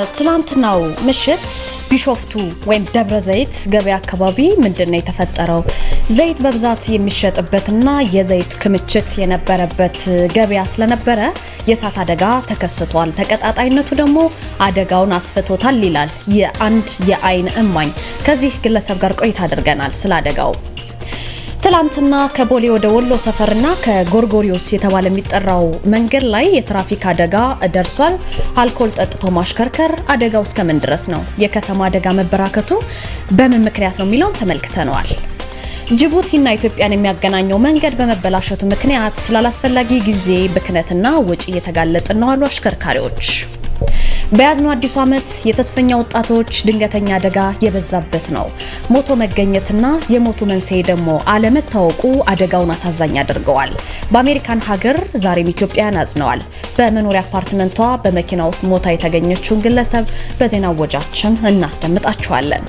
በትላንትናው ምሽት ቢሾፍቱ ወይም ደብረ ዘይት ገበያ አካባቢ ምንድን ነው የተፈጠረው? ዘይት በብዛት የሚሸጥበትና የዘይት ክምችት የነበረበት ገበያ ስለነበረ የእሳት አደጋ ተከስቷል። ተቀጣጣይነቱ ደግሞ አደጋውን አስፍቶታል ይላል የአንድ የአይን እማኝ። ከዚህ ግለሰብ ጋር ቆይታ አድርገናል ስለ አደጋው ትላንትና ከቦሌ ወደ ወሎ ሰፈርና ከጎርጎሪዮስ የተባለ የሚጠራው መንገድ ላይ የትራፊክ አደጋ ደርሷል። አልኮል ጠጥቶ ማሽከርከር አደጋው እስከ ምን ድረስ ነው? የከተማ አደጋ መበራከቱ በምን ምክንያት ነው የሚለውን ተመልክተነዋል። ጅቡቲና ኢትዮጵያን የሚያገናኘው መንገድ በመበላሸቱ ምክንያት ስላላስፈላጊ ጊዜ ብክነትና ወጪ እየተጋለጥ ነው አሉ አሽከርካሪዎች። በያዝነው አዲሱ ዓመት የተስፈኛ ወጣቶች ድንገተኛ አደጋ የበዛበት ነው። ሞቶ መገኘትና የሞቱ መንስኤ ደግሞ አለመታወቁ አደጋውን አሳዛኝ አድርገዋል። በአሜሪካን ሀገር ዛሬም ኢትዮጵያን አዝነዋል። በመኖሪያ አፓርትመንቷ በመኪና ውስጥ ሞታ የተገኘችውን ግለሰብ በዜና ወጃችን እናስደምጣችኋለን።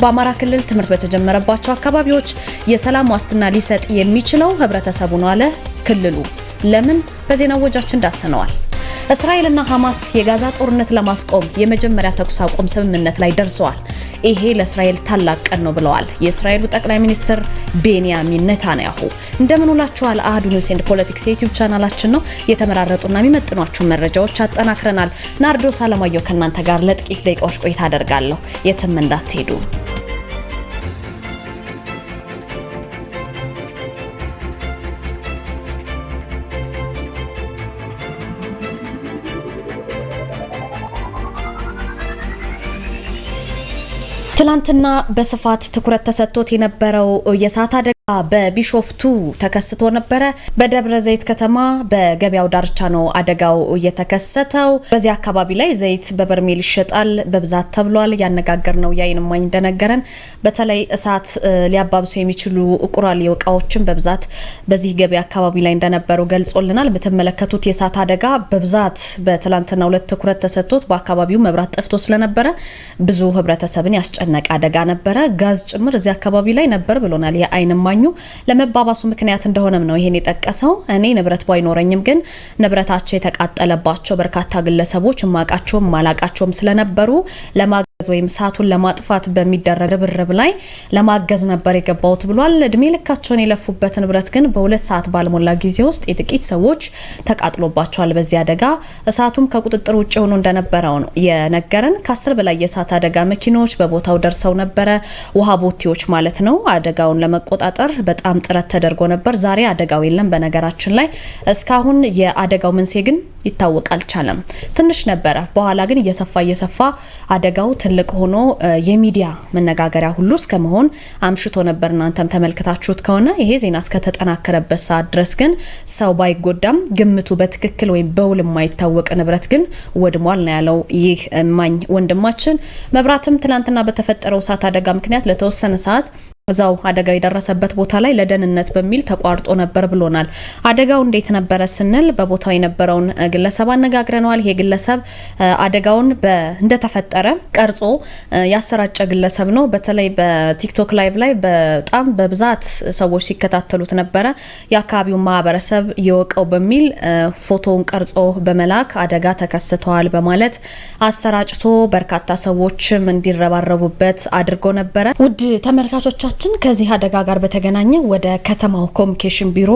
በአማራ ክልል ትምህርት በተጀመረባቸው አካባቢዎች የሰላም ዋስትና ሊሰጥ የሚችለው ህብረተሰቡ ነው አለ ክልሉ። ለምን? በዜና ወጃችን ዳሰነዋል። እስራኤልና ሐማስ የጋዛ ጦርነት ለማስቆም የመጀመሪያ ተኩስ አቁም ስምምነት ላይ ደርሰዋል። ይሄ ለእስራኤል ታላቅ ቀን ነው ብለዋል የእስራኤሉ ጠቅላይ ሚኒስትር ቤንያሚን ኔታንያሁ። እንደምን ውላችኋል። አህዱ ኒውስ ኤንድ ፖለቲክስ የዩቲዩብ ቻናላችን ነው። የተመራረጡና የሚመጥኗችሁን መረጃዎች አጠናክረናል። ናርዶስ አለማየሁ ከእናንተ ጋር ለጥቂት ደቂቃዎች ቆይታ አደርጋለሁ። የትም እንዳትሄዱ። ትላንትና በስፋት ትኩረት ተሰጥቶት የነበረው የእሳት አደጋ በቢሾፍቱ ተከስቶ ነበረ። በደብረ ዘይት ከተማ በገበያው ዳርቻ ነው አደጋው እየተከሰተው በዚህ አካባቢ ላይ ዘይት በበርሜል ይሸጣል በብዛት ተብሏል። ያነጋገር ነው የዓይን እማኝ እንደነገረን በተለይ እሳት ሊያባብሱ የሚችሉ ቁራሌ እቃዎችን በብዛት በዚህ ገበያ አካባቢ ላይ እንደነበሩ ገልጾልናል። የምትመለከቱት የእሳት አደጋ በብዛት በትላንትና ሁለት ትኩረት ተሰጥቶት በአካባቢው መብራት ጠፍቶ ስለነበረ ብዙ ህብረተሰብን ያስጨነቀ አደጋ ነበረ። ጋዝ ጭምር እዚህ አካባቢ ላይ ነበር ብሎናል የዓይን እማኝ ሲገናኙ ለመባባሱ ምክንያት እንደሆነም ነው ይሄን የጠቀሰው። እኔ ንብረት ባይኖረኝም ግን ንብረታቸው የተቃጠለባቸው በርካታ ግለሰቦች እማቃቸውም ማላቃቸውም ስለነበሩ ለማ ወይም ሰዓቱን ለማጥፋት በሚደረግ ርብርብ ላይ ለማገዝ ነበር የገባውት ብሏል። እድሜ ልካቸውን የለፉበት ንብረት ግን በሁለት ሰዓት ባልሞላ ጊዜ ውስጥ የጥቂት ሰዎች ተቃጥሎባቸዋል። በዚህ አደጋ እሳቱም ከቁጥጥር ውጭ ሆኖ እንደነበረው ነው የነገረን። ከአስር በላይ የእሳት አደጋ መኪናዎች በቦታው ደርሰው ነበረ፣ ውሃ ቦቴዎች ማለት ነው። አደጋውን ለመቆጣጠር በጣም ጥረት ተደርጎ ነበር። ዛሬ አደጋው የለም። በነገራችን ላይ እስካሁን የአደጋው መንስኤ ግን ይታወቅ አልቻለም። ትንሽ ነበረ፣ በኋላ ግን እየሰፋ እየሰፋ አደጋው ትልቅ ሆኖ የሚዲያ መነጋገሪያ ሁሉ እስከ መሆን አምሽቶ ነበር። እናንተም ተመልክታችሁት ከሆነ ይሄ ዜና እስከተጠናከረበት ሰዓት ድረስ ግን ሰው ባይጎዳም ግምቱ በትክክል ወይም በውል የማይታወቅ ንብረት ግን ወድሟል ነው ያለው ይህ እማኝ ወንድማችን። መብራትም ትናንትና በተፈጠረው እሳት አደጋ ምክንያት ለተወሰነ ሰዓት እዛው አደጋው የደረሰበት ቦታ ላይ ለደህንነት በሚል ተቋርጦ ነበር ብሎናል። አደጋው እንዴት ነበረ ስንል በቦታው የነበረውን ግለሰብ አነጋግረነዋል። ይሄ ግለሰብ አደጋውን እንደተፈጠረ ቀርጾ ያሰራጨ ግለሰብ ነው። በተለይ በቲክቶክ ላይቭ ላይ በጣም በብዛት ሰዎች ሲከታተሉት ነበረ። የአካባቢውን ማህበረሰብ የወቀው በሚል ፎቶውን ቀርጾ በመላክ አደጋ ተከስተዋል በማለት አሰራጭቶ በርካታ ሰዎችም እንዲረባረቡበት አድርጎ ነበረ። ውድ ተመልካቾቻችን አድማጮቻችን ከዚህ አደጋ ጋር በተገናኘ ወደ ከተማው ኮሚኒኬሽን ቢሮ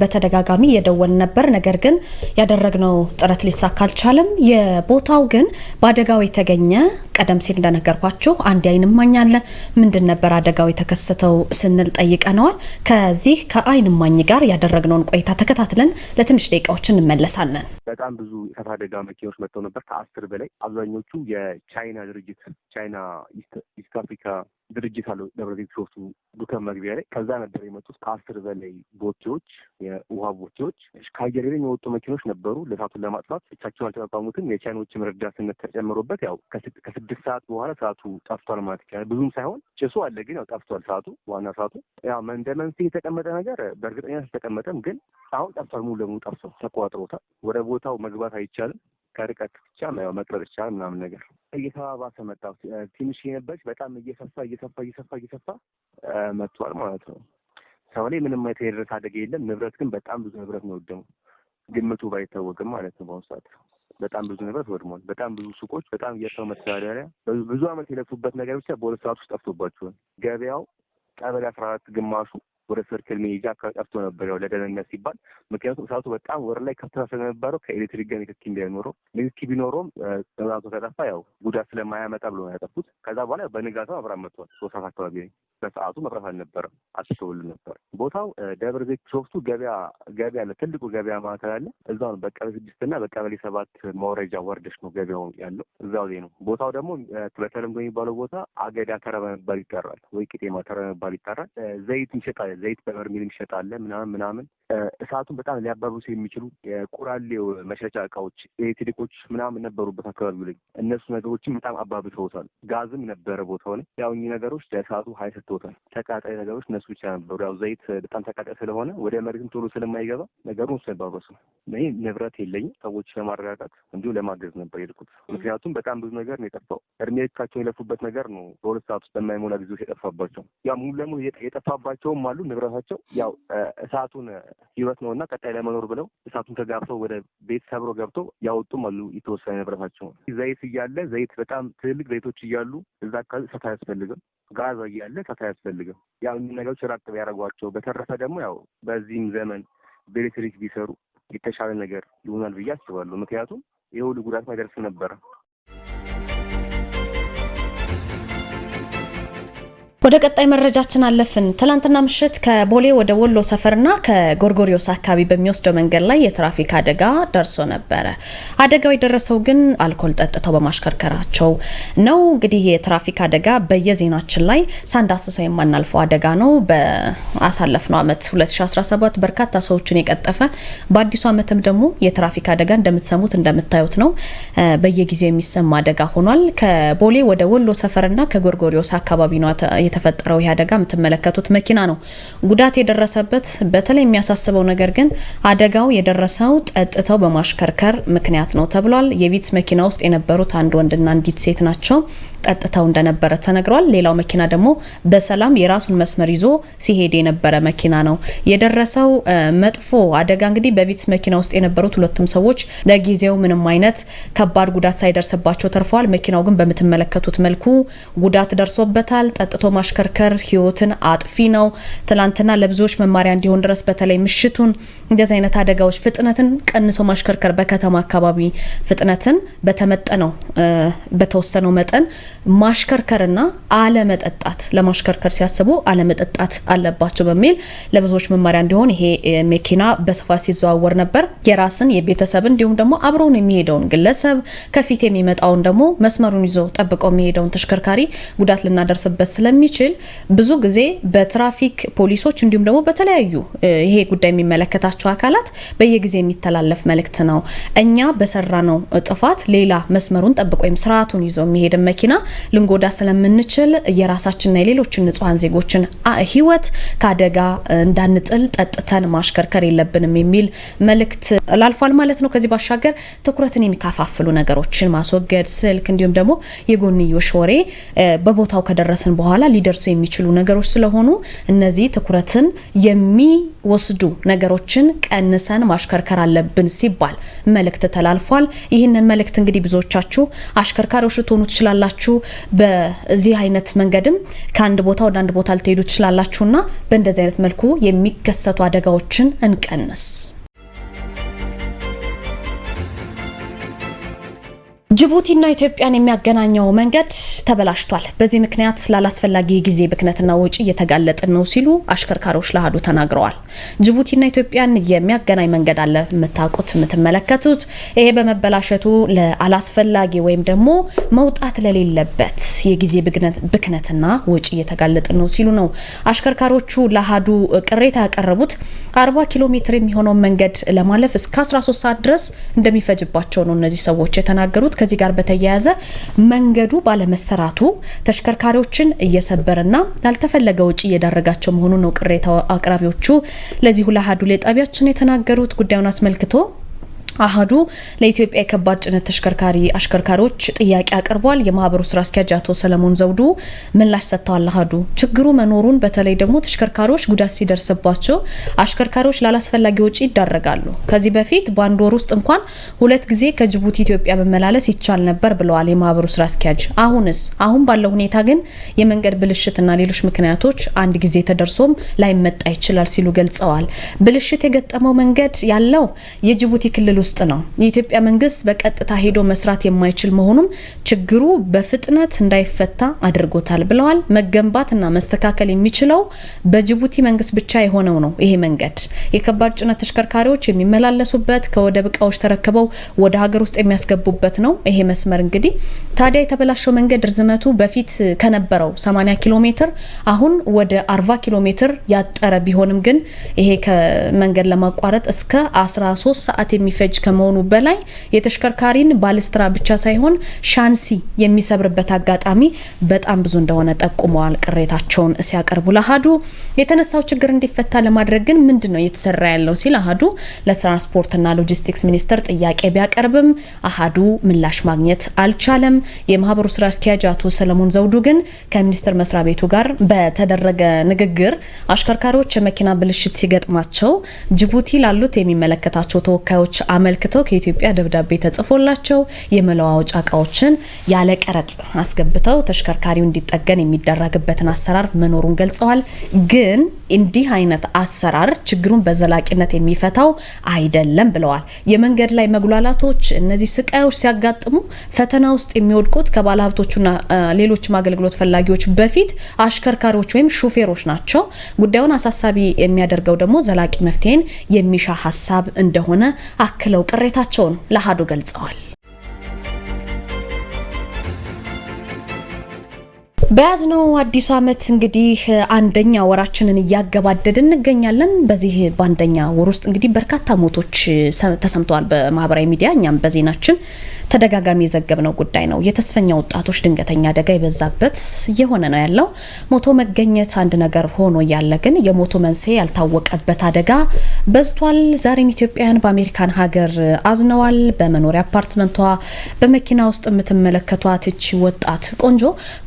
በተደጋጋሚ እየደወል ነበር። ነገር ግን ያደረግነው ጥረት ሊሳካ አልቻለም። የቦታው ግን በአደጋው የተገኘ ቀደም ሲል እንደነገርኳችሁ አንድ የዓይን እማኝ አለ። ምንድን ነበር አደጋው የተከሰተው ስንል ጠይቀነዋል። ከዚህ ከአይን እማኝ ጋር ያደረግነውን ቆይታ ተከታትለን ለትንሽ ደቂቃዎች እንመለሳለን። በጣም ብዙ የእሳት አደጋ መኪናዎች መጥተው ነበር፣ ከአስር በላይ አብዛኞቹ የቻይና ድርጅት ቻይና ኢስት አፍሪካ ድርጅት አለው ደብረ ዘይት ሶስቱ ዱከም መግቢያ ላይ ከዛ ነበር የመጡት ከአስር በላይ ቦቴዎች የውሃ ቦቴዎች ከአየር ላይ የወጡ መኪኖች ነበሩ ለእሳቱን ለማጥፋት ብቻቸውን አልተቋቋሙትም የቻይኖችም ረዳትነት ተጨምሮበት ያው ከስድስት ሰዓት በኋላ ሰዓቱ ጠፍቷል ማለት ይቻላል ብዙም ሳይሆን ጭሱ አለ ግን ያው ጠፍቷል ሰዓቱ ዋና ሰዓቱ ያው እንደ መንስኤ የተቀመጠ ነገር በእርግጠኛ አልተቀመጠም ግን አሁን ጠፍቷል ሙሉ ለሙሉ ጠፍቷል ተቆጣጥሮታል ወደ ቦታው መግባት አይቻልም ከርቀት ብቻ መቅረብ ይቻላል ምናምን ነገር እየተባባሰ መጣ። ትንሽ የነበረች በጣም እየሰፋ እየሰፋ እየሰፋ እየሰፋ መጥቷል ማለት ነው። ሰው ላይ ምንም አይነት የደረሰ አደጋ የለም። ንብረት ግን በጣም ብዙ ንብረት ነው ወደሙ። ግምቱ ባይታወቅም ማለት ነው። በአሁኑ ሰዓት በጣም ብዙ ንብረት ወድሟል። በጣም ብዙ ሱቆች፣ በጣም እየሰው መተዳደሪያ፣ ብዙ አመት የለፉበት ነገር ብቻ በሁለት ሰዓት ውስጥ ጠፍቶባቸዋል። ገበያው ቀበሌ አስራ አራት ግማሹ ወደ ሰርክል መሄጃ ቀርቶ ነበር፣ ያው ለደህንነት ሲባል ምክንያቱም እሳቱ በጣም ወር ላይ ከፍተኛ ስለነበረው ከኤሌክትሪክ ጋር ንክኪ እንዳይኖረው ንክኪ ቢኖረውም መብራቱ ከጠፋ ያው ጉዳት ስለማያመጣ ብሎ ነው ያጠፉት። ከዛ በኋላ በንጋቱ መብራት መጥቷል። ሶስት ሰዓት አካባቢ በሰዓቱ መብራት አልነበረም፣ አልተሰውሉ ነበር። ቦታው ደብረ ዘይት ቢሾፍቱ ገበያ ገበያ አለ፣ ትልቁ ገበያ ማዕከል አለ። እዛው ነው በቀበሌ ስድስት እና በቀበሌ ሰባት መውረጃ ወርደሽ ነው ገበያው ያለው፣ እዛው ላይ ነው። ቦታው ደግሞ በተለምዶ የሚባለው ቦታ አገዳ ተራ በመባል ይጠራል፣ ወይ ቄጤማ ተራ በመባል ይጠራል። ዘይት ይሸጣል ዘይት በበርሜል ይሸጣለ ምናምን ምናምን እሳቱን በጣም ሊያባብሱ የሚችሉ የቁራሌው መሸጫ እቃዎች ኤሌክትሪኮች ምናምን ነበሩበት አካባቢ ላይ እነሱ ነገሮችን በጣም አባብተውታል ጋዝም ነበረ ቦታው ላይ ያው እኚህ ነገሮች ለእሳቱ ሀይ ሰጥተውታል። ተቃጣይ ነገሮች እነሱ ብቻ ነበሩ። ያው ዘይት በጣም ተቃጣይ ስለሆነ ወደ መሬትም ቶሎ ስለማይገባ ነገሩ እሱ ያባበሱ። ይህ ንብረት የለኝም ሰዎች ለማረጋጋት እንዲሁ ለማገዝ ነበር የልኩት። ምክንያቱም በጣም ብዙ ነገር ነው የጠፋው። እድሜ ልካቸውን የለፉበት ነገር ነው በሁለት ሰዓት ውስጥ በማይሞላ ጊዜ የጠፋባቸው። ያ ሙሉ ለሙሉ የጠፋባቸውም አሉ ንብረታቸው ያው እሳቱን ህይወት ነው እና ቀጣይ ለመኖር ብለው እሳቱን ተጋብተው ወደ ቤት ሰብሮ ገብቶ ያወጡም አሉ። የተወሰነ ንብረታቸው ዘይት እያለ ዘይት በጣም ትልልቅ ዘይቶች እያሉ እዛ አካባቢ እሳት አያስፈልግም፣ ጋዝ እያለ እሳት አያስፈልግም። ያው እኒ ነገሮች ራቅብ ያደረጓቸው። በተረፈ ደግሞ ያው በዚህም ዘመን በኤሌክትሪክ ቢሰሩ የተሻለ ነገር ይሆናል ብዬ አስባለሁ። ምክንያቱም የሁሉ ጉዳት ማይደርስ ነበረ። ወደ ቀጣይ መረጃችን አለፍን። ትላንትና ምሽት ከቦሌ ወደ ወሎ ሰፈርና ከጎርጎሪዮስ አካባቢ በሚወስደው መንገድ ላይ የትራፊክ አደጋ ደርሶ ነበረ። አደጋው የደረሰው ግን አልኮል ጠጥተው በማሽከርከራቸው ነው። እንግዲህ የትራፊክ አደጋ በየዜናችን ላይ ሳንዳስሰው የማናልፈው አደጋ ነው። በአሳለፍነው ዓመት 2017 በርካታ ሰዎችን የቀጠፈ በአዲሱ ዓመትም ደግሞ የትራፊክ አደጋ እንደምትሰሙት እንደምታዩት ነው። በየጊዜው የሚሰማ አደጋ ሆኗል። ከቦሌ ወደ ወሎ ሰፈርና ከጎርጎሪዮስ አካባቢ ነው የተፈጠረው ይህ አደጋ የምትመለከቱት መኪና ነው ጉዳት የደረሰበት። በተለይ የሚያሳስበው ነገር ግን አደጋው የደረሰው ጠጥተው በማሽከርከር ምክንያት ነው ተብሏል። የቪትስ መኪና ውስጥ የነበሩት አንድ ወንድና አንዲት ሴት ናቸው። ጠጥተው እንደነበረ ተነግሯል። ሌላው መኪና ደግሞ በሰላም የራሱን መስመር ይዞ ሲሄድ የነበረ መኪና ነው። የደረሰው መጥፎ አደጋ እንግዲህ በቪትስ መኪና ውስጥ የነበሩት ሁለቱም ሰዎች ለጊዜው ምንም አይነት ከባድ ጉዳት ሳይደርስባቸው ተርፈዋል። መኪናው ግን በምትመለከቱት መልኩ ጉዳት ደርሶበታል። ጠጥቶ ማሽከርከር ህይወትን አጥፊ ነው። ትላንትና ለብዙዎች መማሪያ እንዲሆን ድረስ በተለይ ምሽቱን እንደዚህ አይነት አደጋዎች ፍጥነትን ቀንሶ ማሽከርከር በከተማ አካባቢ ፍጥነትን በተመጠነው በተወሰነው መጠን ማሽከርከርና አለመጠጣት ለማሽከርከር ሲያስቡ አለመጠጣት አለባቸው በሚል ለብዙዎች መማሪያ እንዲሆን ይሄ መኪና በስፋት ሲዘዋወር ነበር። የራስን የቤተሰብ እንዲሁም ደግሞ አብረውን የሚሄደውን ግለሰብ ከፊት የሚመጣውን ደግሞ መስመሩን ይዞ ጠብቀው የሚሄደውን ተሽከርካሪ ጉዳት ልናደርስበት ስለሚችል ብዙ ጊዜ በትራፊክ ፖሊሶች እንዲሁም ደግሞ በተለያዩ ይሄ ጉዳይ የሚመለከታቸው አካላት በየጊዜ የሚተላለፍ መልእክት ነው። እኛ በሰራነው ጥፋት ሌላ መስመሩን ጠብቆ ወይም ስርዓቱን ይዞ የሚሄድን መኪና ልንጎዳ ስለምንችል የራሳችንና የሌሎችን ንጹሐን ዜጎችን ህይወት ከአደጋ እንዳንጥል ጠጥተን ማሽከርከር የለብንም የሚል መልእክት ላልፏል ማለት ነው። ከዚህ ባሻገር ትኩረትን የሚካፋፍሉ ነገሮችን ማስወገድ፣ ስልክ እንዲሁም ደግሞ የጎንዮሽ ወሬ በቦታው ከደረስን በኋላ ሊደርሱ የሚችሉ ነገሮች ስለሆኑ እነዚህ ትኩረትን የሚወስዱ ነገሮችን ቀንሰን ማሽከርከር አለብን ሲባል መልእክት ተላልፏል። ይህንን መልእክት እንግዲህ ብዙዎቻችሁ አሽከርካሪዎች ልትሆኑ ትችላላችሁ። ትችላላችሁ። በዚህ አይነት መንገድም ከአንድ ቦታ ወደ አንድ ቦታ ልትሄዱ ትችላላችሁና በእንደዚህ አይነት መልኩ የሚከሰቱ አደጋዎችን እንቀንስ። ጅቡቲና ኢትዮጵያን የሚያገናኘው መንገድ ተበላሽቷል። በዚህ ምክንያት ላላስፈላጊ ጊዜ ብክነትና ወጪ እየተጋለጥን ነው ሲሉ አሽከርካሪዎች ለአሀዱ ተናግረዋል። ጅቡቲና ኢትዮጵያን የሚያገናኝ መንገድ አለ የምታውቁት የምትመለከቱት። ይሄ በመበላሸቱ ለአላስፈላጊ ወይም ደግሞ መውጣት ለሌለበት የጊዜ ብክነትና ወጪ እየተጋለጥን ነው ሲሉ ነው አሽከርካሪዎቹ ለአሀዱ ቅሬታ ያቀረቡት። 40 ኪሎ ሜትር የሚሆነውን መንገድ ለማለፍ እስከ 13 ሰዓት ድረስ እንደሚፈጅባቸው ነው እነዚህ ሰዎች የተናገሩት። ከዚህ ጋር በተያያዘ መንገዱ ባለመሰራቱ ተሽከርካሪዎችን እየሰበረና ላልተፈለገ ውጪ እየዳረጋቸው መሆኑን ነው ቅሬታ አቅራቢዎቹ ለዚሁ ለአሀዱ ጣቢያችን የተናገሩት ጉዳዩን አስመልክቶ አህዱ ለኢትዮጵያ የከባድ ጭነት ተሽከርካሪ አሽከርካሪዎች ጥያቄ አቅርቧል። የማህበሩ ስራ አስኪያጅ አቶ ሰለሞን ዘውዱ ምላሽ ሰጥተዋል። አህዱ ችግሩ መኖሩን በተለይ ደግሞ ተሽከርካሪዎች ጉዳት ሲደርስባቸው አሽከርካሪዎች ላላስፈላጊ ወጪ ይዳረጋሉ። ከዚህ በፊት በአንድ ወር ውስጥ እንኳን ሁለት ጊዜ ከጅቡቲ ኢትዮጵያ መመላለስ ይቻል ነበር ብለዋል የማህበሩ ስራ አስኪያጅ። አሁንስ አሁን ባለው ሁኔታ ግን የመንገድ ብልሽትና ሌሎች ምክንያቶች አንድ ጊዜ ተደርሶም ላይመጣ ይችላል ሲሉ ገልጸዋል። ብልሽት የገጠመው መንገድ ያለው የጅቡቲ ክልል ውስጥ ነው። የኢትዮጵያ መንግስት በቀጥታ ሄዶ መስራት የማይችል መሆኑም ችግሩ በፍጥነት እንዳይፈታ አድርጎታል ብለዋል። መገንባትና መስተካከል የሚችለው በጅቡቲ መንግስት ብቻ የሆነው ነው። ይሄ መንገድ የከባድ ጭነት ተሽከርካሪዎች የሚመላለሱበት ከወደብ እቃዎች ተረክበው ወደ ሀገር ውስጥ የሚያስገቡበት ነው። ይሄ መስመር እንግዲህ ታዲያ የተበላሸው መንገድ ርዝመቱ በፊት ከነበረው 80 ኪሎ ሜትር አሁን ወደ 40 ኪሎ ሜትር ያጠረ ቢሆንም ግን ይሄ ከመንገድ ለማቋረጥ እስከ 13 ሰዓት የሚፈጅ የሚያበጅ ከመሆኑ በላይ የተሽከርካሪን ባልስትራ ብቻ ሳይሆን ሻንሲ የሚሰብርበት አጋጣሚ በጣም ብዙ እንደሆነ ጠቁመዋል። ቅሬታቸውን ሲያቀርቡ ለአሀዱ የተነሳው ችግር እንዲፈታ ለማድረግ ግን ምንድን ነው እየተሰራ ያለው ሲል አሀዱ ለትራንስፖርትና ሎጂስቲክስ ሚኒስቴር ጥያቄ ቢያቀርብም አሀዱ ምላሽ ማግኘት አልቻለም። የማህበሩ ስራ አስኪያጅ አቶ ሰለሞን ዘውዱ ግን ከሚኒስቴር መስሪያ ቤቱ ጋር በተደረገ ንግግር አሽከርካሪዎች የመኪና ብልሽት ሲገጥማቸው ጅቡቲ ላሉት የሚመለከታቸው ተወካዮች አመ አመልክተው ከኢትዮጵያ ደብዳቤ ተጽፎላቸው የመለዋወጫ እቃዎችን ያለ ቀረጥ አስገብተው ተሽከርካሪው እንዲጠገን የሚደረግበትን አሰራር መኖሩን ገልጸዋል። ግን እንዲህ አይነት አሰራር ችግሩን በዘላቂነት የሚፈታው አይደለም ብለዋል። የመንገድ ላይ መጉላላቶች፣ እነዚህ ስቃዮች ሲያጋጥሙ ፈተና ውስጥ የሚወድቁት ከባለሀብቶቹና ሌሎችም አገልግሎት ፈላጊዎች በፊት አሽከርካሪዎች ወይም ሹፌሮች ናቸው። ጉዳዩን አሳሳቢ የሚያደርገው ደግሞ ዘላቂ መፍትሄን የሚሻ ሀሳብ እንደሆነ አክለው ቅሬታቸውን ለአሀዱ ገልጸዋል። በያዝነው አዲሱ ዓመት እንግዲህ አንደኛ ወራችንን እያገባደድ እንገኛለን። በዚህ በአንደኛ ወር ውስጥ እንግዲህ በርካታ ሞቶች ተሰምተዋል በማህበራዊ ሚዲያ። እኛም በዜናችን ተደጋጋሚ የዘገብነው ጉዳይ ነው። የተስፈኛ ወጣቶች ድንገተኛ አደጋ የበዛበት እየሆነ ነው ያለው። ሞቶ መገኘት አንድ ነገር ሆኖ እያለ ግን የሞቶ መንስኤ ያልታወቀበት አደጋ በዝቷል። ዛሬም ኢትዮጵያውያን በአሜሪካን ሀገር አዝነዋል። በመኖሪያ አፓርትመንቷ በመኪና ውስጥ የምትመለከቷት እቺ ወጣት ቆንጆ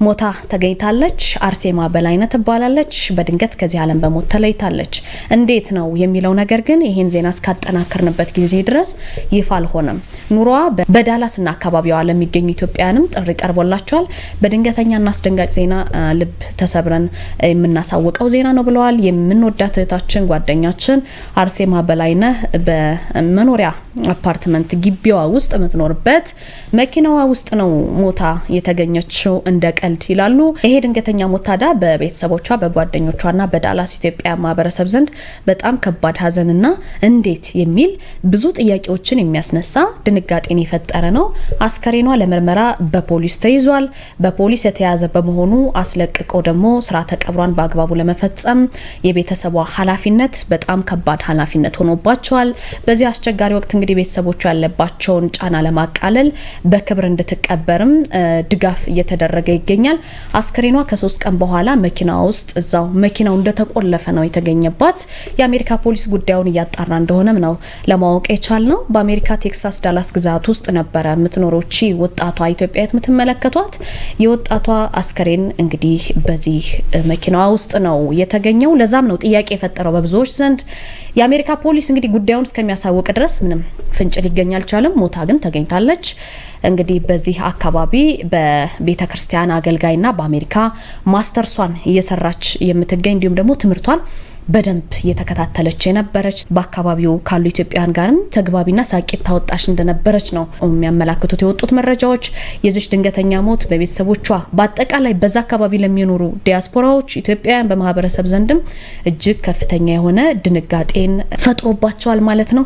ሞታ ተገኝታለች። አርሴማ በላይነት ትባላለች። በድንገት ከዚህ ዓለም በሞት ተለይታለች። እንዴት ነው የሚለው ነገር ግን ይህን ዜና እስካጠናከርንበት ጊዜ ድረስ ይፋ አልሆነም። ኑሯ በዳላስና አካባቢዋ ለሚገኙ ኢትዮጵያውያንም ጥሪ ቀርቦላቸዋል። በድንገተኛና አስደንጋጭ ዜና ልብ ተሰብረን የምናሳውቀው ዜና ነው ብለዋል። የምንወዳት እህታችን ጓደኛችን አርሴማ በላይነህ በመኖሪያ አፓርትመንት ግቢዋ ውስጥ የምትኖርበት መኪናዋ ውስጥ ነው ሞታ የተገኘችው እንደ ቀልድ ይላሉ። አሉ። ይሄ ድንገተኛ ሞት ታዲያ በቤተሰቦቿ በጓደኞቿና በዳላስ ኢትዮጵያ ማህበረሰብ ዘንድ በጣም ከባድ ሀዘንና እንዴት የሚል ብዙ ጥያቄዎችን የሚያስነሳ ድንጋጤን የፈጠረ ነው። አስከሬኗ ለምርመራ በፖሊስ ተይዟል። በፖሊስ የተያዘ በመሆኑ አስለቅቆ ደግሞ ስርዓተ ቀብሯን በአግባቡ ለመፈጸም የቤተሰቧ ኃላፊነት በጣም ከባድ ኃላፊነት ሆኖባቸዋል። በዚህ አስቸጋሪ ወቅት እንግዲህ ቤተሰቦቿ ያለባቸውን ጫና ለማቃለል በክብር እንድትቀበርም ድጋፍ እየተደረገ ይገኛል። አስክሬኗ ከሶስት ቀን በኋላ መኪና ውስጥ እዛው መኪናው እንደተቆለፈ ነው የተገኘባት። የአሜሪካ ፖሊስ ጉዳዩን እያጣራ እንደሆነም ነው ለማወቅ የቻልነው። በአሜሪካ ቴክሳስ ዳላስ ግዛት ውስጥ ነበረ የምትኖረው ወጣቷ ኢትዮጵያዊት የምትመለከቷት። የወጣቷ አስክሬን እንግዲህ በዚህ መኪናዋ ውስጥ ነው የተገኘው። ለዛም ነው ጥያቄ የፈጠረው በብዙዎች ዘንድ። የአሜሪካ ፖሊስ እንግዲህ ጉዳዩን እስከሚያሳውቅ ድረስ ምንም ፍንጭ ሊገኝ አልቻለም። ሞታ ግን ተገኝታለች። እንግዲህ በዚህ አካባቢ በቤተ ክርስቲያን አገልጋይና በአሜሪካ ማስተርሷን እየሰራች የምትገኝ እንዲሁም ደግሞ ትምህርቷን በደንብ የተከታተለች የነበረች በአካባቢው ካሉ ኢትዮጵያውያን ጋርም ተግባቢና ሳቂት ታወጣሽ እንደነበረች ነው የሚያመላክቱት የወጡት መረጃዎች። የዚች ድንገተኛ ሞት በቤተሰቦቿ በአጠቃላይ በዛ አካባቢ ለሚኖሩ ዲያስፖራዎች ኢትዮጵያውያን በማህበረሰብ ዘንድም እጅግ ከፍተኛ የሆነ ድንጋጤን ፈጥሮባቸዋል ማለት ነው።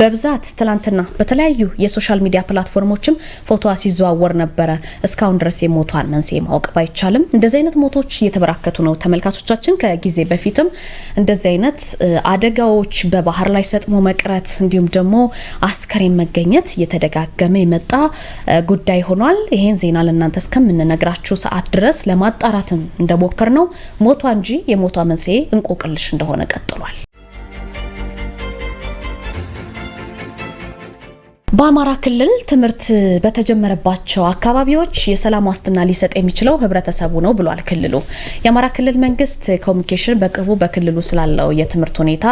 በብዛት ትላንትና በተለያዩ የሶሻል ሚዲያ ፕላትፎርሞችም ፎቶዋ ሲዘዋወር ነበረ። እስካሁን ድረስ የሞቷን መንስኤ ማወቅ ባይቻልም እንደዚህ አይነት ሞቶች እየተበራከቱ ነው። ተመልካቾቻችን ከጊዜ በፊትም እንደዚህ አይነት አደጋዎች በባህር ላይ ሰጥሞ መቅረት እንዲሁም ደግሞ አስከሬን መገኘት እየተደጋገመ የመጣ ጉዳይ ሆኗል። ይሄን ዜና ለእናንተ እስከምንነግራችሁ ሰዓት ድረስ ለማጣራትም እንደሞከር ነው ሞቷ እንጂ የሞቷ መንስኤ እንቆቅልሽ እንደሆነ ቀጥሏል። በአማራ ክልል ትምህርት በተጀመረባቸው አካባቢዎች የሰላም ዋስትና ሊሰጥ የሚችለው ህብረተሰቡ ነው ብሏል ክልሉ። የአማራ ክልል መንግስት ኮሚኒኬሽን በቅርቡ በክልሉ ስላለው የትምህርት ሁኔታ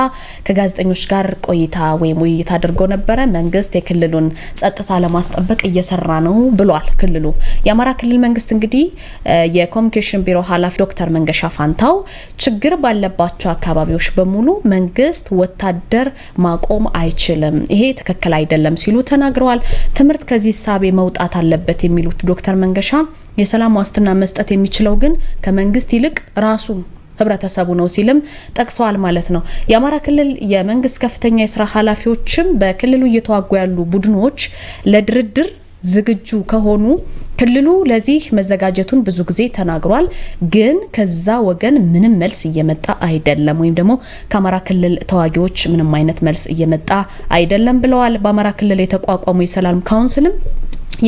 ከጋዜጠኞች ጋር ቆይታ ወይም ውይይት አድርጎ ነበረ። መንግስት የክልሉን ጸጥታ ለማስጠበቅ እየሰራ ነው ብሏል ክልሉ። የአማራ ክልል መንግስት እንግዲህ የኮሚኒኬሽን ቢሮ ኃላፊ ዶክተር መንገሻ ፋንታው ችግር ባለባቸው አካባቢዎች በሙሉ መንግስት ወታደር ማቆም አይችልም፣ ይሄ ትክክል አይደለም ሲሉት ተናግረዋል። ትምህርት ከዚህ እሳቤ መውጣት አለበት የሚሉት ዶክተር መንገሻ የሰላም ዋስትና መስጠት የሚችለው ግን ከመንግስት ይልቅ ራሱ ህብረተሰቡ ነው ሲልም ጠቅሰዋል ማለት ነው። የአማራ ክልል የመንግስት ከፍተኛ የስራ ኃላፊዎችም በክልሉ እየተዋጉ ያሉ ቡድኖች ለድርድር ዝግጁ ከሆኑ ክልሉ ለዚህ መዘጋጀቱን ብዙ ጊዜ ተናግሯል። ግን ከዛ ወገን ምንም መልስ እየመጣ አይደለም፣ ወይም ደግሞ ከአማራ ክልል ተዋጊዎች ምንም አይነት መልስ እየመጣ አይደለም ብለዋል። በአማራ ክልል የተቋቋሙ የሰላም ካውንስልም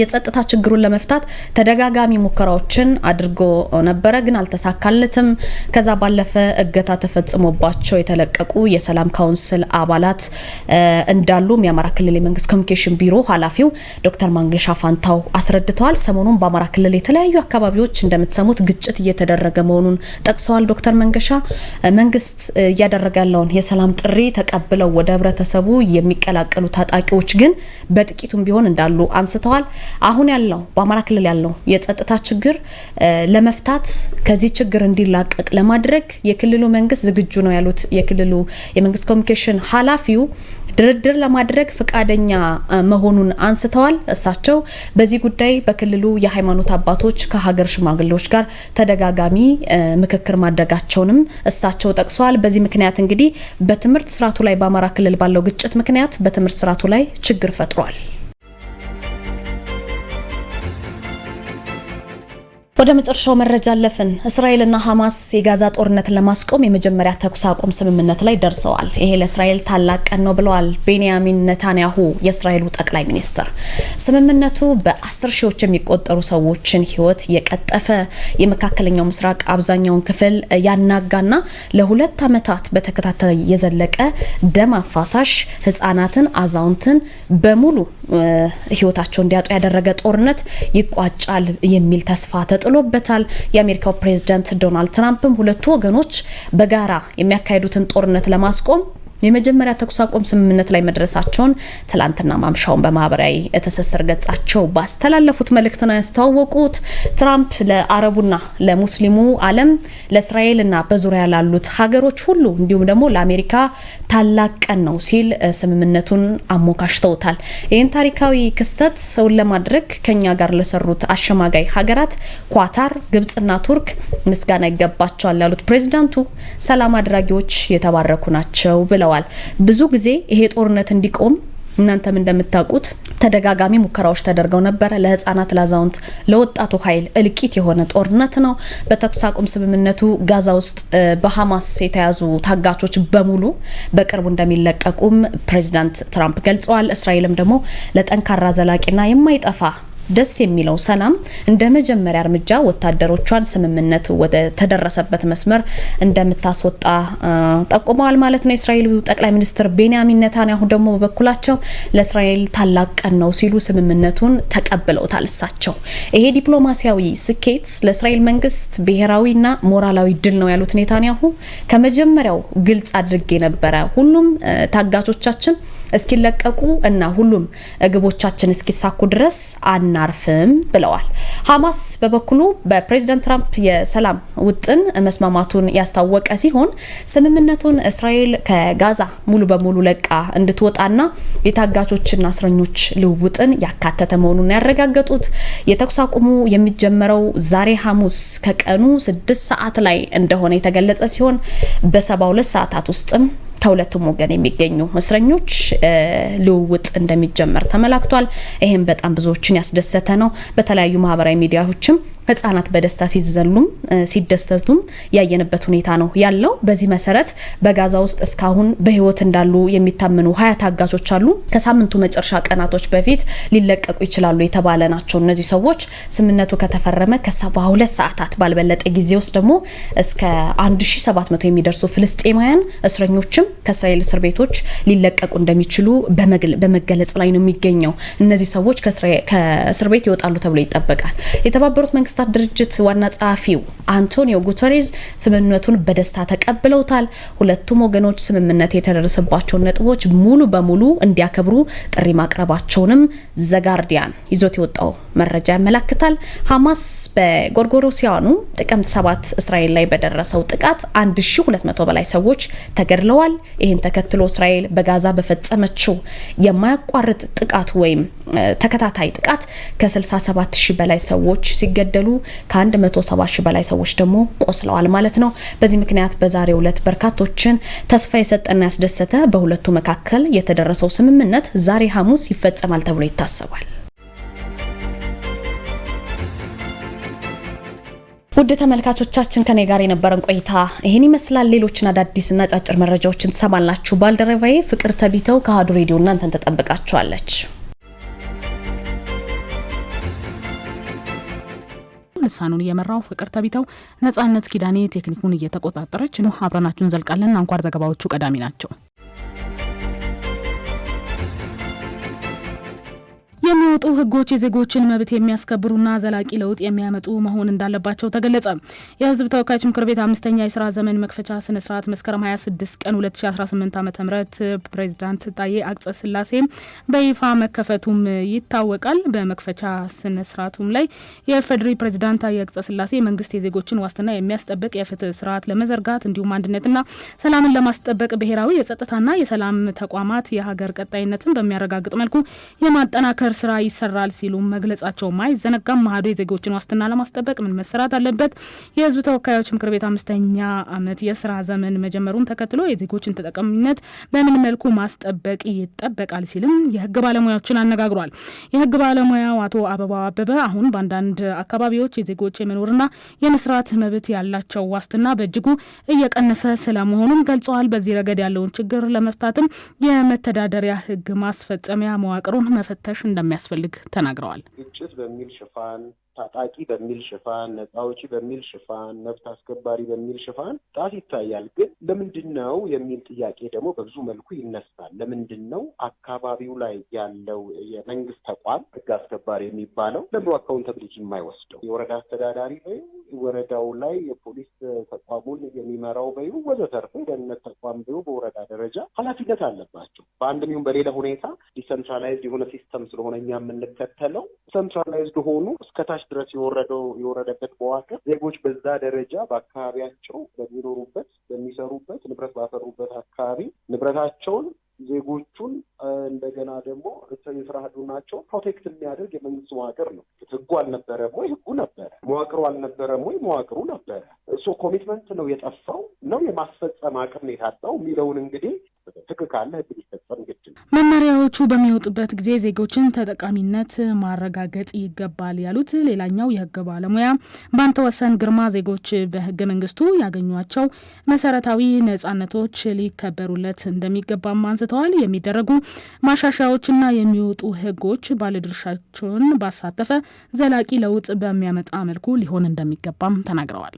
የጸጥታ ችግሩን ለመፍታት ተደጋጋሚ ሙከራዎችን አድርጎ ነበረ፣ ግን አልተሳካለትም። ከዛ ባለፈ እገታ ተፈጽሞባቸው የተለቀቁ የሰላም ካውንስል አባላት እንዳሉም የአማራ ክልል የመንግስት ኮሚኒኬሽን ቢሮ ኃላፊው ዶክተር ማንገሻ ፋንታው አስረድተዋል። ሰሞኑን በአማራ ክልል የተለያዩ አካባቢዎች እንደምትሰሙት ግጭት እየተደረገ መሆኑን ጠቅሰዋል። ዶክተር መንገሻ መንግስት እያደረገ ያለውን የሰላም ጥሪ ተቀብለው ወደ ህብረተሰቡ የሚቀላቀሉ ታጣቂዎች ግን በጥቂቱም ቢሆን እንዳሉ አንስተዋል። አሁን ያለው በአማራ ክልል ያለው የጸጥታ ችግር ለመፍታት ከዚህ ችግር እንዲላቀቅ ለማድረግ የክልሉ መንግስት ዝግጁ ነው ያሉት የክልሉ የመንግስት ኮሚኒኬሽን ኃላፊው ድርድር ለማድረግ ፈቃደኛ መሆኑን አንስተዋል። እሳቸው በዚህ ጉዳይ በክልሉ የሃይማኖት አባቶች ከሀገር ሽማግሌዎች ጋር ተደጋጋሚ ምክክር ማድረጋቸውንም እሳቸው ጠቅሰዋል። በዚህ ምክንያት እንግዲህ በትምህርት ስርዓቱ ላይ በአማራ ክልል ባለው ግጭት ምክንያት በትምህርት ስርዓቱ ላይ ችግር ፈጥሯል። ወደ መጨረሻው መረጃ አለፍን። እስራኤልና ሐማስ የጋዛ ጦርነትን ለማስቆም የመጀመሪያ ተኩስ አቁም ስምምነት ላይ ደርሰዋል። ይሄ ለእስራኤል ታላቅ ቀን ነው ብለዋል ቤንያሚን ነታንያሁ፣ የእስራኤሉ ጠቅላይ ሚኒስትር። ስምምነቱ በአስር ሺዎች የሚቆጠሩ ሰዎችን ህይወት የቀጠፈ የመካከለኛው ምስራቅ አብዛኛውን ክፍል ያናጋና ለሁለት ዓመታት በተከታታይ የዘለቀ ደም አፋሳሽ ህጻናትን፣ አዛውንትን በሙሉ ህይወታቸው እንዲያጡ ያደረገ ጦርነት ይቋጫል የሚል ተስፋ ተጥሎበታል። የአሜሪካው ፕሬዝዳንት ዶናልድ ትራምፕም ሁለቱ ወገኖች በጋራ የሚያካሂዱትን ጦርነት ለማስቆም የመጀመሪያ ተኩስ አቁም ስምምነት ላይ መድረሳቸውን ትላንትና ማምሻውን በማህበራዊ ትስስር ገጻቸው ባስተላለፉት መልእክት ነው ያስተዋወቁት። ትራምፕ ለአረቡና ለሙስሊሙ ዓለም ለእስራኤልና በዙሪያ ላሉት ሀገሮች ሁሉ እንዲሁም ደግሞ ለአሜሪካ ታላቅ ቀን ነው ሲል ስምምነቱን አሞካሽተውታል። ይህን ታሪካዊ ክስተት ሰውን ለማድረግ ከኛ ጋር ለሰሩት አሸማጋይ ሀገራት ኳታር፣ ግብጽና ቱርክ ምስጋና ይገባቸዋል ያሉት ፕሬዚዳንቱ ሰላም አድራጊዎች የተባረኩ ናቸው ብለዋል። ተናግረዋል። ብዙ ጊዜ ይሄ ጦርነት እንዲቆም እናንተም እንደምታውቁት ተደጋጋሚ ሙከራዎች ተደርገው ነበረ። ለህፃናት፣ ላዛውንት፣ ለወጣቱ ኃይል እልቂት የሆነ ጦርነት ነው። በተኩስ አቁም ስምምነቱ ጋዛ ውስጥ በሐማስ የተያዙ ታጋቾች በሙሉ በቅርቡ እንደሚለቀቁም ፕሬዚዳንት ትራምፕ ገልጸዋል። እስራኤልም ደግሞ ለጠንካራ ዘላቂና የማይጠፋ ደስ የሚለው ሰላም እንደ መጀመሪያ እርምጃ ወታደሮቿን ስምምነት ወደ ተደረሰበት መስመር እንደምታስወጣ ጠቁመዋል ማለት ነው። የእስራኤሉ ጠቅላይ ሚኒስትር ቤንያሚን ነታንያሁ ደግሞ በበኩላቸው ለእስራኤል ታላቅ ቀን ነው ሲሉ ስምምነቱን ተቀብለውታል። እሳቸው ይሄ ዲፕሎማሲያዊ ስኬት ለእስራኤል መንግስት ብሔራዊና ሞራላዊ ድል ነው ያሉት ኔታንያሁ ከመጀመሪያው ግልጽ አድርጌ ነበረ ሁሉም ታጋቾቻችን እስኪለቀቁ እና ሁሉም ግቦቻችን እስኪሳኩ ድረስ አናርፍም ብለዋል። ሐማስ በበኩሉ በፕሬዚዳንት ትራምፕ የሰላም ውጥን መስማማቱን ያስታወቀ ሲሆን ስምምነቱን እስራኤል ከጋዛ ሙሉ በሙሉ ለቃ እንድትወጣና የታጋቾችና እስረኞች ልውውጥን ያካተተ መሆኑን ያረጋገጡት የተኩስ አቁሙ የሚጀመረው ዛሬ ሐሙስ ከቀኑ ስድስት ሰዓት ላይ እንደሆነ የተገለጸ ሲሆን በሰባ ሁለት ሰዓታት ውስጥም ከሁለቱም ወገን የሚገኙ እስረኞች ልውውጥ እንደሚጀመር ተመላክቷል። ይህም በጣም ብዙዎችን ያስደሰተ ነው። በተለያዩ ማህበራዊ ሚዲያዎችም ህጻናት በደስታ ሲዘሉም ሲደሰቱም ያየንበት ሁኔታ ነው ያለው። በዚህ መሰረት በጋዛ ውስጥ እስካሁን በህይወት እንዳሉ የሚታመኑ ሀያ ታጋቾች አሉ። ከሳምንቱ መጨረሻ ቀናቶች በፊት ሊለቀቁ ይችላሉ የተባለ ናቸው። እነዚህ ሰዎች ስምነቱ ከተፈረመ ከሰባ ሁለት ሰዓታት ባልበለጠ ጊዜ ውስጥ ደግሞ እስከ 1700 የሚደርሱ ፍልስጤማውያን እስረኞችም ከእስራኤል እስር ቤቶች ሊለቀቁ እንደሚችሉ በመገለጽ ላይ ነው የሚገኘው። እነዚህ ሰዎች ከእስር ቤት ይወጣሉ ተብሎ ይጠበቃል። የተባበሩት መንግስት የመንግስታት ድርጅት ዋና ጸሐፊው አንቶኒዮ ጉተሬዝ ስምምነቱን በደስታ ተቀብለውታል። ሁለቱም ወገኖች ስምምነት የተደረሰባቸውን ነጥቦች ሙሉ በሙሉ እንዲያከብሩ ጥሪ ማቅረባቸውንም ዘጋርዲያን ይዞት የወጣው መረጃ ያመላክታል። ሐማስ በጎርጎሮሲያኑ ጥቅምት ሰባት እስራኤል ላይ በደረሰው ጥቃት 1200 በላይ ሰዎች ተገድለዋል። ይህን ተከትሎ እስራኤል በጋዛ በፈጸመችው የማያቋርጥ ጥቃት ወይም ተከታታይ ጥቃት ከ67 በላይ ሰዎች ሲገደሉ ሲገደሉ ከ170 በላይ ሰዎች ደግሞ ቆስለዋል ማለት ነው። በዚህ ምክንያት በዛሬው ዕለት በርካቶችን ተስፋ የሰጠና ያስደሰተ በሁለቱ መካከል የተደረሰው ስምምነት ዛሬ ሐሙስ ይፈጸማል ተብሎ ይታሰባል። ውድ ተመልካቾቻችን ከኔ ጋር የነበረን ቆይታ ይህን ይመስላል። ሌሎችን አዳዲስና አጫጭር መረጃዎችን ትሰማላችሁ። ባልደረባዬ ፍቅር ተቢተው ከአሀዱ ሬዲዮ እናንተን ተጠብቃችኋለች። ልሳኑን እየመራው ፍቅር ተቢተው፣ ነጻነት ኪዳኔ ቴክኒኩን እየተቆጣጠረች ነው። አብረናችሁን ዘልቃለን። አንኳር ዘገባዎቹ ቀዳሚ ናቸው። የሚወጡ ህጎች የዜጎችን መብት የሚያስከብሩና ዘላቂ ለውጥ የሚያመጡ መሆን እንዳለባቸው ተገለጸ። የህዝብ ተወካዮች ምክር ቤት አምስተኛ የስራ ዘመን መክፈቻ ስነ ስርዓት መስከረም 26 ቀን 2018 ዓ ም ፕሬዚዳንት ታዬ አጽቀ ሥላሴ በይፋ መከፈቱም ይታወቃል። በመክፈቻ ስነ ስርዓቱም ላይ የኢፌዴሪ ፕሬዚዳንት ታዬ አጽቀ ሥላሴ መንግስት የዜጎችን ዋስትና የሚያስጠብቅ የፍትህ ስርዓት ለመዘርጋት እንዲሁም አንድነትና ሰላምን ለማስጠበቅ ብሔራዊ የጸጥታና የሰላም ተቋማት የሀገር ቀጣይነትን በሚያረጋግጥ መልኩ የማጠናከር ስራ ይሰራል ሲሉ መግለጻቸው አይዘነጋም። አሀዱ የዜጎችን ዋስትና ለማስጠበቅ ምን መሰራት አለበት? የህዝብ ተወካዮች ምክር ቤት አምስተኛ አመት የስራ ዘመን መጀመሩን ተከትሎ የዜጎችን ተጠቃሚነት በምን መልኩ ማስጠበቅ ይጠበቃል ሲልም የህግ ባለሙያዎችን አነጋግሯል። የህግ ባለሙያው አቶ አበባው አበበ አሁን በአንዳንድ አካባቢዎች የዜጎች የመኖርና የመስራት መብት ያላቸው ዋስትና በእጅጉ እየቀነሰ ስለመሆኑም ገልጸዋል። በዚህ ረገድ ያለውን ችግር ለመፍታትም የመተዳደሪያ ህግ ማስፈጸሚያ መዋቅሩን መፈተሽ እንደሚያስፈልግ እንደሚያስፈልግ ተናግረዋል። ግጭት በሚል ሽፋን ታጣቂ በሚል ሽፋን፣ ነጻዎች አውጪ በሚል ሽፋን፣ መብት አስከባሪ በሚል ሽፋን ጣት ይታያል። ግን ለምንድን ነው የሚል ጥያቄ ደግሞ በብዙ መልኩ ይነሳል። ለምንድን ነው አካባቢው ላይ ያለው የመንግስት ተቋም ህግ አስከባሪ የሚባለው ለምን አካውንተብሊቲ የማይወስደው የወረዳ አስተዳዳሪ በዩ ወረዳው ላይ የፖሊስ ተቋሙን የሚመራው በዩ ወዘተርፈ የደህንነት ተቋም በዩ በወረዳ ደረጃ ኃላፊነት አለባቸው። በአንድም ይሁን በሌላ ሁኔታ ዲሰንትራላይዝድ የሆነ ሲስተም ስለሆነ እኛ የምንከተለው ሴንትራላይዝድ ሆኑ እስከታች ድረስ የወረደው የወረደበት መዋቅር ዜጎች በዛ ደረጃ በአካባቢያቸው በሚኖሩበት በሚሰሩበት ንብረት ባፈሩበት አካባቢ ንብረታቸውን ዜጎቹን እንደገና ደግሞ የስራ ህሉናቸው ፕሮቴክት የሚያደርግ የመንግስት መዋቅር ነው። ህጉ አልነበረም ወይ? ህጉ ነበረ። መዋቅሩ አልነበረም ወይ? መዋቅሩ ነበረ። እሱ ኮሚትመንት ነው የጠፋው ነው የማስፈጸም አቅም ነው የታጣው የሚለውን እንግዲህ ህግ ካለ ህግ ሊፈጸም ግድ ነው። መመሪያዎቹ በሚወጡበት ጊዜ ዜጎችን ተጠቃሚነት ማረጋገጥ ይገባል ያሉት ሌላኛው የህግ ባለሙያ ባንተወሰን ግርማ ዜጎች በህገ መንግስቱ ያገኟቸው መሰረታዊ ነጻነቶች ሊከበሩለት እንደሚገባም አንስተዋል። የሚደረጉ ማሻሻያዎችና የሚወጡ ህጎች ባለድርሻቸውን ባሳተፈ ዘላቂ ለውጥ በሚያመጣ መልኩ ሊሆን እንደሚገባም ተናግረዋል።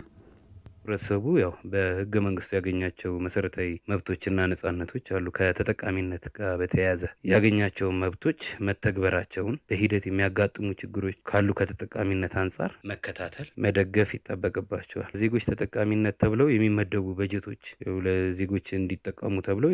ህብረተሰቡ ያው በህገ መንግስቱ ያገኛቸው መሰረታዊ መብቶችና ነጻነቶች አሉ። ከተጠቃሚነት ጋር በተያያዘ ያገኛቸውን መብቶች መተግበራቸውን በሂደት የሚያጋጥሙ ችግሮች ካሉ ከተጠቃሚነት አንጻር መከታተል፣ መደገፍ ይጠበቅባቸዋል። ዜጎች ተጠቃሚነት ተብለው የሚመደቡ በጀቶች ለዜጎች እንዲጠቀሙ ተብለው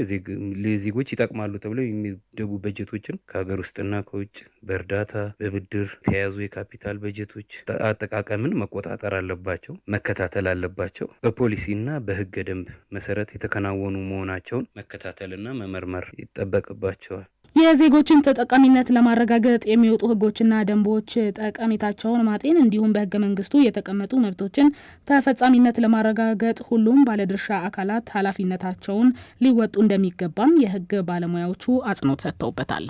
ለዜጎች ይጠቅማሉ ተብለው የሚመደቡ በጀቶችን ከሀገር ውስጥና ከውጭ በእርዳታ በብድር የተያዙ የካፒታል በጀቶች አጠቃቀምን መቆጣጠር አለባቸው፣ መከታተል አለባቸው። ናቸው በፖሊሲና በህገ ደንብ መሰረት የተከናወኑ መሆናቸውን መከታተልና መመርመር ይጠበቅባቸዋል። የዜጎችን ተጠቃሚነት ለማረጋገጥ የሚወጡ ህጎችና ደንቦች ጠቀሜታቸውን ማጤን እንዲሁም በህገ መንግስቱ የተቀመጡ መብቶችን ተፈጻሚነት ለማረጋገጥ ሁሉም ባለድርሻ አካላት ኃላፊነታቸውን ሊወጡ እንደሚገባም የህግ ባለሙያዎቹ አጽንኦት ሰጥተውበታል።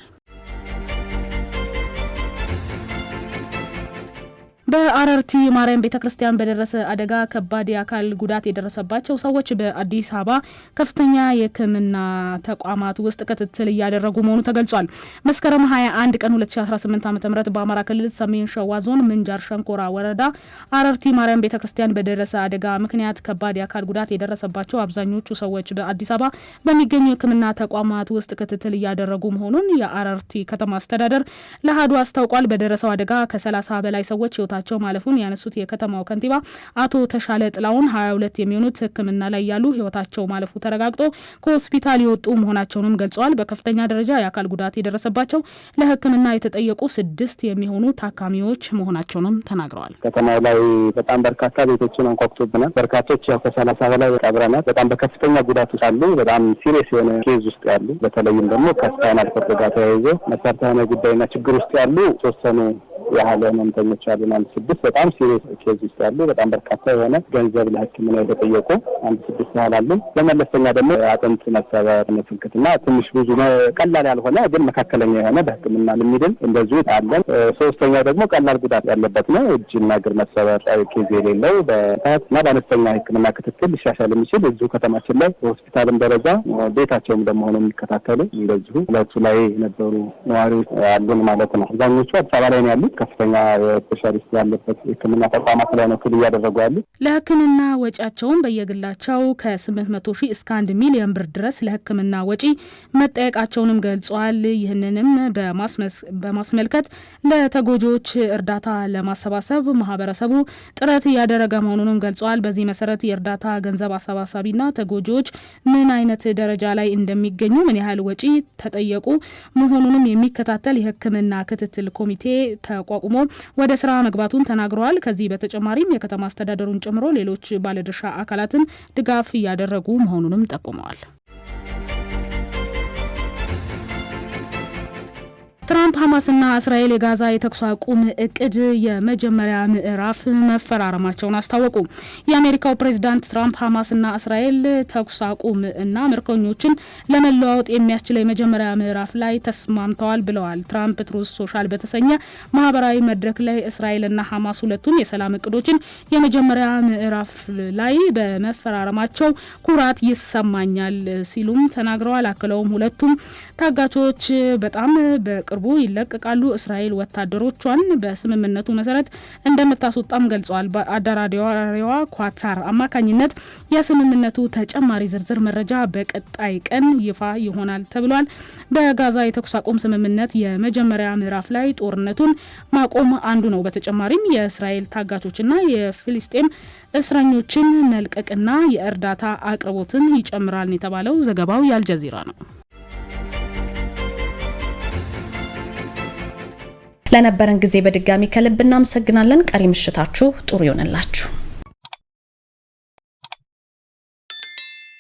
በአረርቲ ማርያም ቤተ ክርስቲያን በደረሰ አደጋ ከባድ የአካል ጉዳት የደረሰባቸው ሰዎች በአዲስ አበባ ከፍተኛ የሕክምና ተቋማት ውስጥ ክትትል እያደረጉ መሆኑ ተገልጿል። መስከረም 21 ቀን 2018 ዓ ም በአማራ ክልል ሰሜን ሸዋ ዞን ምንጃር ሸንኮራ ወረዳ አረርቲ ማርያም ቤተ ክርስቲያን በደረሰ አደጋ ምክንያት ከባድ የአካል ጉዳት የደረሰባቸው አብዛኞቹ ሰዎች በአዲስ አበባ በሚገኙ የሕክምና ተቋማት ውስጥ ክትትል እያደረጉ መሆኑን የአረርቲ ከተማ አስተዳደር ለሀዱ አስታውቋል። በደረሰው አደጋ ከ30 በላይ ሰዎች ህይወታቸው ህይወታቸው ማለፉን ያነሱት የከተማው ከንቲባ አቶ ተሻለ ጥላውን ሀያ ሁለት የሚሆኑት ህክምና ላይ ያሉ ህይወታቸው ማለፉ ተረጋግጦ ከሆስፒታል የወጡ መሆናቸውንም ገልጸዋል። በከፍተኛ ደረጃ የአካል ጉዳት የደረሰባቸው ለህክምና የተጠየቁ ስድስት የሚሆኑ ታካሚዎች መሆናቸውንም ተናግረዋል። ከተማው ላይ በጣም በርካታ ቤቶችን አንኳኩቶብናል። በርካቶች ያው ከሰላሳ በላይ ቀብረናል። በጣም በከፍተኛ ጉዳት ውስጥ አሉ። በጣም ሲሪየስ የሆነ ኬዝ ውስጥ ያሉ በተለይም ደግሞ ከስታይን አልፈርድ ጋር ተያይዞ መሰረታዊ ጉዳይና ችግር ውስጥ ያሉ ተወሰኑ ያህል ህመምተኞች አሉን። አንድ ስድስት በጣም ሲሪየስ ኬዝ ውስጥ ያሉ በጣም በርካታ የሆነ ገንዘብ ለህክምና የተጠየቁ አንድ ስድስት ያህል አሉ። በመለስተኛ ደግሞ አጥንት መሰበር፣ ትንክትና ትንሽ ብዙ ቀላል ያልሆነ ግን መካከለኛ የሆነ በህክምና የሚድን እንደዚሁ አለን። ሶስተኛ ደግሞ ቀላል ጉዳት ያለበት ነው። እጅና እግር መሰበር ኬዝ የሌለው በሰት እና በአነስተኛ ህክምና ክትትል ሊሻሻል የሚችል እዚሁ ከተማችን ላይ በሆስፒታልም ደረጃ ቤታቸውም ደግሞ ሆነው የሚከታተሉ እንደዚሁ ሁለቱ ላይ የነበሩ ነዋሪዎች አሉን ማለት ነው። አብዛኞቹ አዲስ አበባ ላይ ነው ያሉ ከፍተኛ ስፔሻሊስት ያለበት የሕክምና ተቋማት ላይ ነው ክል እያደረጉ ያሉ። ለሕክምና ወጪያቸውን በየግላቸው ከስምንት መቶ ሺህ እስከ አንድ ሚሊዮን ብር ድረስ ለሕክምና ወጪ መጠየቃቸውንም ገልጿል። ይህንንም በማስመልከት ለተጎጂዎች እርዳታ ለማሰባሰብ ማህበረሰቡ ጥረት እያደረገ መሆኑንም ገልጿል። በዚህ መሰረት የእርዳታ ገንዘብ አሰባሳቢና ተጎጂዎች ምን አይነት ደረጃ ላይ እንደሚገኙ ምን ያህል ወጪ ተጠየቁ መሆኑንም የሚከታተል የህክምና ክትትል ኮሚቴ ተቋቁሞ ወደ ስራ መግባቱን ተናግረዋል። ከዚህ በተጨማሪም የከተማ አስተዳደሩን ጨምሮ ሌሎች ባለድርሻ አካላትን ድጋፍ እያደረጉ መሆኑንም ጠቁመዋል። ትራምፕ ሐማስና እስራኤል የጋዛ የተኩስ አቁም እቅድ የመጀመሪያ ምዕራፍ መፈራረማቸውን አስታወቁ። የአሜሪካው ፕሬዚዳንት ትራምፕ ሐማስና እስራኤል ተኩስ አቁም እና ምርኮኞችን ለመለዋወጥ የሚያስችለው የመጀመሪያ ምዕራፍ ላይ ተስማምተዋል ብለዋል። ትራምፕ ትሩስ ሶሻል በተሰኘ ማህበራዊ መድረክ ላይ እስራኤልና ሐማስ ሁለቱም የሰላም እቅዶችን የመጀመሪያ ምዕራፍ ላይ በመፈራረማቸው ኩራት ይሰማኛል ሲሉም ተናግረዋል። አክለውም ሁለቱም ታጋቾች በጣም በቅርቡ በቅርቡ ይለቀቃሉ። እስራኤል ወታደሮቿን በስምምነቱ መሰረት እንደምታስወጣም ገልጸዋል። በአደራዳሪዋ ኳታር አማካኝነት የስምምነቱ ተጨማሪ ዝርዝር መረጃ በቀጣይ ቀን ይፋ ይሆናል ተብሏል። በጋዛ የተኩስ አቁም ስምምነት የመጀመሪያ ምዕራፍ ላይ ጦርነቱን ማቆም አንዱ ነው። በተጨማሪም የእስራኤል ታጋቾችና የፊልስጤም እስረኞችን መልቀቅና የእርዳታ አቅርቦትን ይጨምራል የተባለው ዘገባው የአልጀዚራ ነው። ለነበረን ጊዜ በድጋሚ ከልብ እናመሰግናለን። ቀሪ ምሽታችሁ ጥሩ ይሆንላችሁ።